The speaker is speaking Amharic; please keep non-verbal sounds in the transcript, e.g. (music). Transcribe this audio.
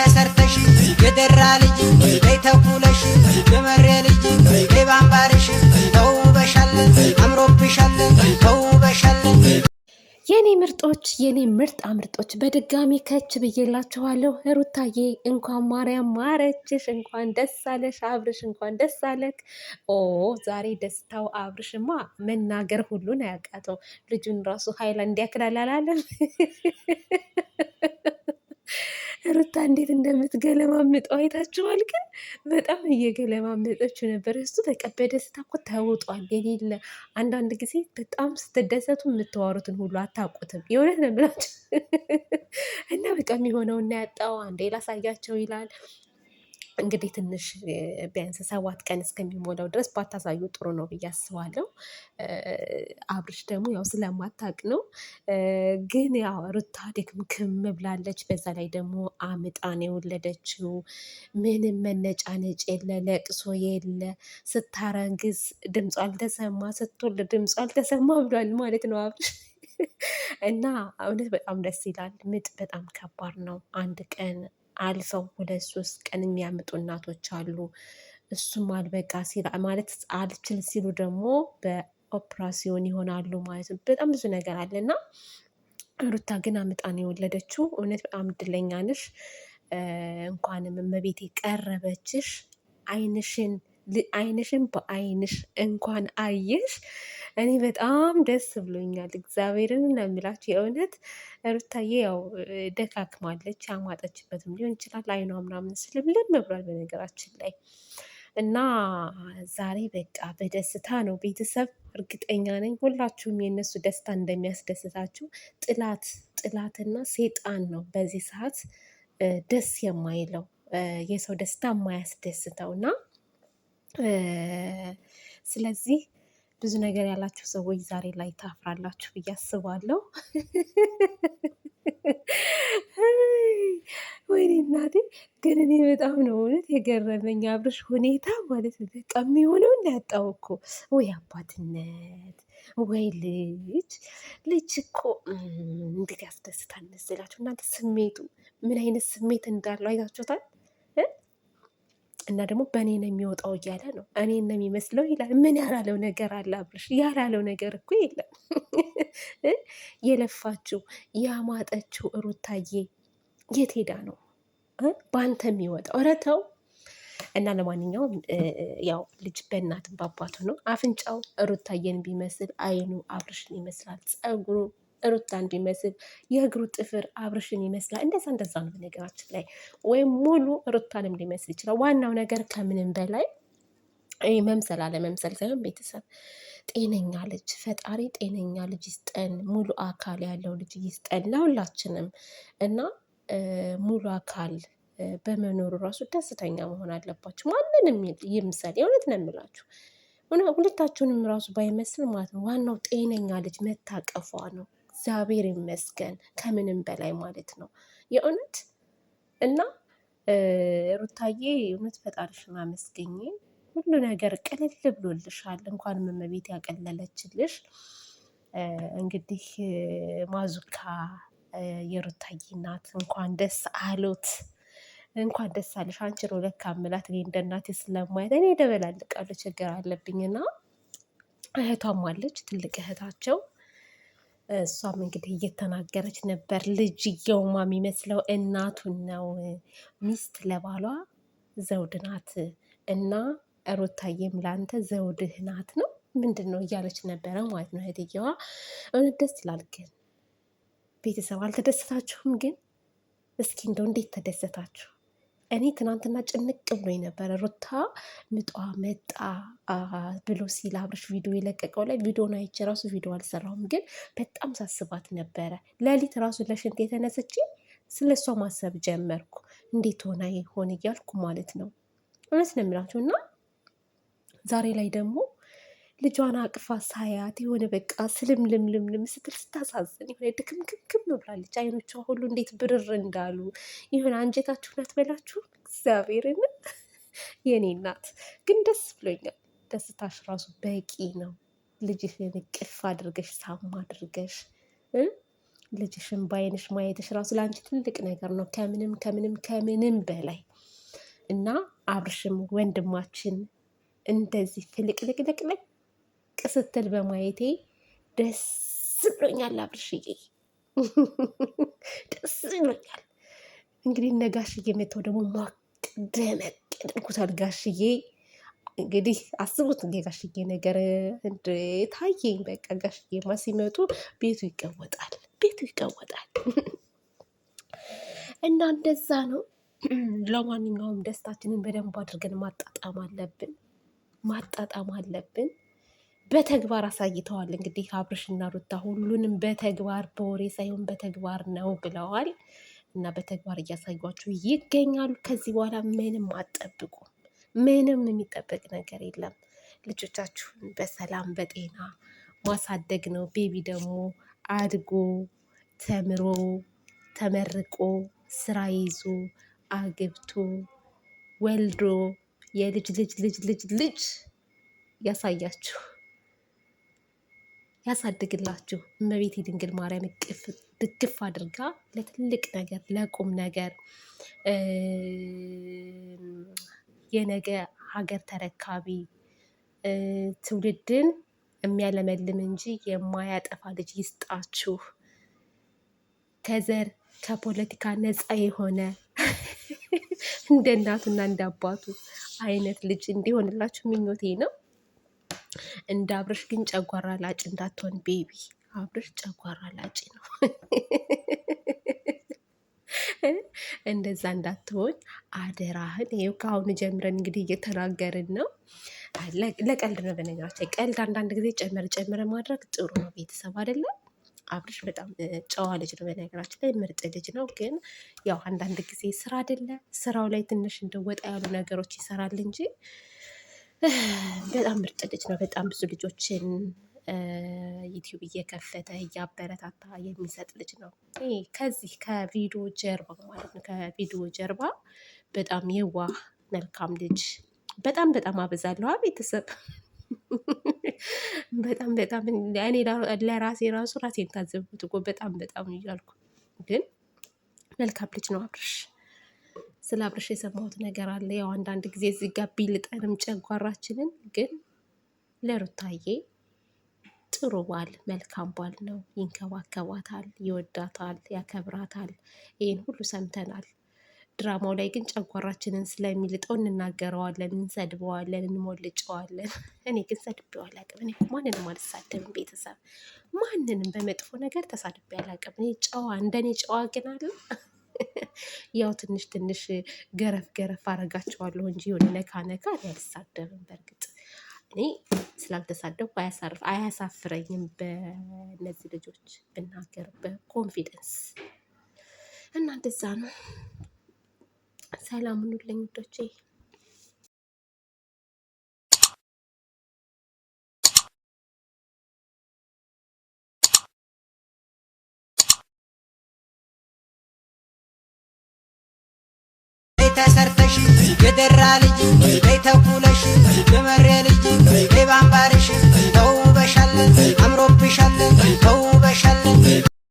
ተሰርተሽ የደራ ልጅ በይ ተኩለሽ የመሬ ልጅ በይ ባምባርሽ ተውበሻለን አምሮብሻለን ተውበሻለን። የኔ ምርጦች የኔ ምርጥ ምርጦች በድጋሚ ከች ብዬላችኋለሁ። ሩታዬ እንኳን ማርያም ማረችሽ፣ እንኳን ደስ አለሽ። አብርሽ እንኳን ደስ አለክ። ኦ ዛሬ ደስታው አብርሽማ መናገር ሁሉን አያውቃተው። ልጁን ራሱ ሀይላንድ ያክላል አላለም (laughs) ሩታ እንዴት እንደምትገለማምጠው አይታችኋል። ግን በጣም እየገለማመጠችው ነበር። እሱ በቃ በደስታ እኮ ተውጧል። የሌለ አንዳንድ ጊዜ በጣም ስትደሰቱ የምትዋሩትን ሁሉ አታውቁትም። የእውነት ነው የምላችሁ (laughs) እና በቃ የሚሆነውና ያጣው አንዴ ላሳያቸው ይላል እንግዲህ ትንሽ ቢያንስ ሰባት ቀን እስከሚሞላው ድረስ ባታሳዩ ጥሩ ነው ብዬ አስባለሁ። አብርሽ ደግሞ ያው ስለማታውቅ ነው። ግን ያው ሩታ ድክምክም ብላለች። በዛ ላይ ደግሞ አምጣን የወለደችው። ምንም መነጫነጭ የለ፣ ለቅሶ የለ። ስታረግዝ ድምጿ አልተሰማ፣ ስትወልድ ድምጿ አልተሰማ ብሏል ማለት ነው አብርሽ። (laughs) እና እውነት በጣም ደስ ይላል። ምጥ በጣም ከባድ ነው። አንድ ቀን አልፈው ሁለት ሶስት ቀን የሚያምጡ እናቶች አሉ። እሱም አልበቃ ሲል ማለት አልችል ሲሉ ደግሞ በኦፕራሲዮን ይሆናሉ ማለት ነው። በጣም ብዙ ነገር አለ እና ሩታ ግን አምጣ ነው የወለደችው። እውነት በጣም እድለኛ ነሽ። እንኳንም እመቤቴ ቀረበችሽ። አይንሽን አይንሽን በአይንሽ እንኳን አየሽ። እኔ በጣም ደስ ብሎኛል። እግዚአብሔርን ነው የእውነት ሩታዬ ያው ደካክማለች፣ ያማጠችበትም ሊሆን ይችላል አይኗ ምናምን ስልምልም ብሏል በነገራችን ላይ እና ዛሬ በቃ በደስታ ነው ቤተሰብ። እርግጠኛ ነኝ ሁላችሁም የእነሱ ደስታ እንደሚያስደስታችሁ። ጥላት ጥላትና ሴጣን ነው በዚህ ሰዓት ደስ የማይለው የሰው ደስታ የማያስደስተው እና ስለዚህ ብዙ ነገር ያላችሁ ሰዎች ዛሬ ላይ ታፍራላችሁ ብዬ አስባለሁ። ወይኔ እናቴ ግን እኔ በጣም ነው እውነት የገረመኝ አብርሽ ሁኔታ ማለት ነው። በቃ የሚሆነው እንዳያጣው እኮ ወይ አባትነት ወይ ልጅ ልጅ እኮ እንዴት ያስደስታል መሰላችሁ እናንተ ስሜቱ ምን አይነት ስሜት እንዳለው አይታችሁታል። እና ደግሞ በእኔ ነው የሚወጣው እያለ ነው። እኔ ነው የሚመስለው ይላል። ምን ያላለው ነገር አለ አብርሽ? ያላለው ነገር እኮ የለም። የለፋችው ያማጠችው ሩታዬ የት ሄዳ ነው በአንተ የሚወጣው? ኧረ ተው እና ለማንኛውም ያው ልጅ በእናትም በአባቱ ነው። አፍንጫው ሩታዬን ቢመስል አይኑ አብርሽን ይመስላል። ጸጉሩ ሩታን እንዲመስል የእግሩ ጥፍር አብርሽን ይመስላል። እንደዛ እንደዛ ነው በነገራችን ላይ ወይም ሙሉ ሩታንም ሊመስል ይችላል። ዋናው ነገር ከምንም በላይ መምሰል አለመምሰል ሳይሆን ቤተሰብ ጤነኛ ልጅ ፈጣሪ ጤነኛ ልጅ ይስጠን፣ ሙሉ አካል ያለው ልጅ ይስጠን ለሁላችንም እና ሙሉ አካል በመኖሩ ራሱ ደስተኛ መሆን አለባችሁ። ማንንም ይምሰል፣ የእውነት ነው የምላችሁ ሁለታችሁንም ራሱ ባይመስል ማለት ነው። ዋናው ጤነኛ ልጅ መታቀፏ ነው። እግዚአብሔር ይመስገን ከምንም በላይ ማለት ነው የእውነት እና ሩታዬ እውነት ፈጣሪሽን አመስገኝ። ሁሉ ነገር ቅልል ብሎልሻል። እንኳንም እመቤት ያቀለለችልሽ። እንግዲህ ማዙካ የሩታዬ እናት እንኳን ደስ አሎት፣ እንኳን ደስ አለሽ። አንቺ ነው ለካ ምላት እኔ እንደ እናቴ ስለማየት እኔ ደበላልቃለሁ ችግር አለብኝና እህቷም አለች ትልቅ እህታቸው እሷም እንግዲህ እየተናገረች ነበር። ልጅየውማ የሚመስለው እናቱን ነው። ሚስት ለባሏ ዘውድ ናት እና ሩታዬም ለአንተ ዘውድህ ናት ነው ምንድን ነው እያለች ነበረ ማለት ነው እህትየዋ። እውነት ደስ ይላል። ግን ቤተሰብ አልተደሰታችሁም? ግን እስኪ እንደው እንዴት ተደሰታችሁ? እኔ ትናንትና ጭንቅ ብሎ ነበረ። ሩታ ምጧ መጣ ብሎ ሲል አብርሽ ቪዲዮ የለቀቀው ላይ ቪዲዮን አይቼ ራሱ ቪዲዮ አልሰራውም ግን በጣም ሳስባት ነበረ። ሌሊት ራሱ ለሽንት የተነሰች ስለ እሷ ማሰብ ጀመርኩ። እንዴት ሆና ይሆን እያልኩ ማለት ነው። እውነት ነው የሚላቸው እና ዛሬ ላይ ደግሞ ልጇን አቅፋ ሳያት የሆነ በቃ ስልምልምልምልም ስትል ስታሳዝን የሆነ ድክምክምክም ብላለች። አይኖቿ ሁሉ እንዴት ብርር እንዳሉ የሆነ አንጀታችሁን አትበላችሁ። እግዚአብሔርን የኔ እናት ግን ደስ ብሎኛል። ደስታሽ ራሱ በቂ ነው። ልጅሽን ቅፍ አድርገሽ ሳም አድርገሽ ልጅሽን በአይንሽ ማየትሽ ራሱ ለአንቺ ትልቅ ነገር ነው፣ ከምንም ከምንም ከምንም በላይ እና አብርሽም ወንድማችን እንደዚህ ፍልቅልቅልቅልቅ ስትል በማየቴ ደስ ብሎኛል። አብርሽዬ ደስ ብሎኛል። እንግዲህ እነ ጋሽዬ መተው ደግሞ ሟቅ ደመቅ ያደርጉታል። ጋሽዬ እንግዲህ አስቡት እንዴ ጋሽዬ ነገር እንደ ታየኝ። በቃ ጋሽዬማ ሲመጡ ቤቱ ይቀወጣል፣ ቤቱ ይቀወጣል። እና እንደዛ ነው። ለማንኛውም ደስታችንን በደንብ አድርገን ማጣጣም አለብን፣ ማጣጣም አለብን። በተግባር አሳይተዋል። እንግዲህ አብርሽና ሩታ ሁሉንም በተግባር በወሬ ሳይሆን በተግባር ነው ብለዋል እና በተግባር እያሳዩቸው ይገኛሉ። ከዚህ በኋላ ምንም አጠብቁ። ምንም የሚጠበቅ ነገር የለም። ልጆቻችሁን በሰላም በጤና ማሳደግ ነው። ቤቢ ደግሞ አድጎ ተምሮ ተመርቆ ስራ ይዞ አግብቶ ወልዶ የልጅ ልጅ ልጅ ልጅ ልጅ ያሳያችሁ። ያሳድግላችሁ። እመቤቴ ድንግል ማርያም ድግፍ አድርጋ ለትልቅ ነገር ለቁም ነገር የነገ ሀገር ተረካቢ ትውልድን የሚያለመልም እንጂ የማያጠፋ ልጅ ይስጣችሁ። ከዘር ከፖለቲካ ነፃ የሆነ (laughs) እንደ እናቱና እንደ አባቱ አይነት ልጅ እንዲሆንላችሁ ምኞቴ ነው። እንደ አብርሽ ግን ጨጓራ ላጭ እንዳትሆን ቤቢ። አብርሽ ጨጓራ ላጭ ነው፣ (laughs) እንደዛ እንዳትሆን አደራህን። ይኸው ከአሁኑ ጀምረን እንግዲህ እየተናገርን ነው። ለቀልድ ነው በነገራችን፣ ቀልድ አንዳንድ ጊዜ ጨመር ጨምረ ማድረግ ጥሩ ነው። ቤተሰብ አይደለም አብርሽ በጣም ጨዋ ልጅ ነው። በነገራችን ላይ ምርጥ ልጅ ነው። ግን ያው አንዳንድ ጊዜ ስራ አይደለ ስራው ላይ ትንሽ እንደወጣ ያሉ ነገሮች ይሰራል እንጂ በጣም ምርጥ ልጅ ነው። በጣም ብዙ ልጆችን ዩቲዩብ እየከፈተ እያበረታታ የሚሰጥ ልጅ ነው። ከዚህ ከቪዲዮ ጀርባ ማለት ነው። ከቪዲዮ ጀርባ በጣም የዋህ መልካም ልጅ በጣም በጣም አበዛለሁ ቤተሰብ በጣም በጣም እኔ ለራሴ ራሱ ራሴን ታዘብኩት እኮ በጣም በጣም እያልኩ ግን መልካም ልጅ ነው አብርሽ። ስለ አብርሽ የሰማሁት ነገር አለ። ያው አንዳንድ ጊዜ እዚህ ጋር ቢልጠንም ጨጓራችንን፣ ግን ለሩታዬ ጥሩ ባል መልካም ባል ነው። ይንከባከባታል፣ ይወዳታል፣ ያከብራታል። ይህን ሁሉ ሰምተናል። ድራማው ላይ ግን ጨጓራችንን ስለሚልጠው እንናገረዋለን፣ እንሰድበዋለን፣ እንሞልጨዋለን። እኔ ግን ሰድቤው አላቅም። እኔ ማንንም አልሳደብም። ቤተሰብ ማንንም በመጥፎ ነገር ተሳድቤ አላቅም። እኔ ጨዋ እንደኔ ጨዋ ግን አለ ያው ትንሽ ትንሽ ገረፍ ገረፍ አረጋቸዋለሁ እንጂ የሆነ ነካ ነካ እኔ አልሳደብም። በእርግጥ እኔ ስላልተሳደብኩ አያሳፍረኝም። በእነዚህ ልጆች ብናገር በኮንፊደንስ እና እንደዛ ነው። ሰላም ሁኑልኝ ውዶቼ። ተሰርተሽ የደራ ልጅ በይ የመሬ ልጅ በይ ባምባርሽ ተውበሻለን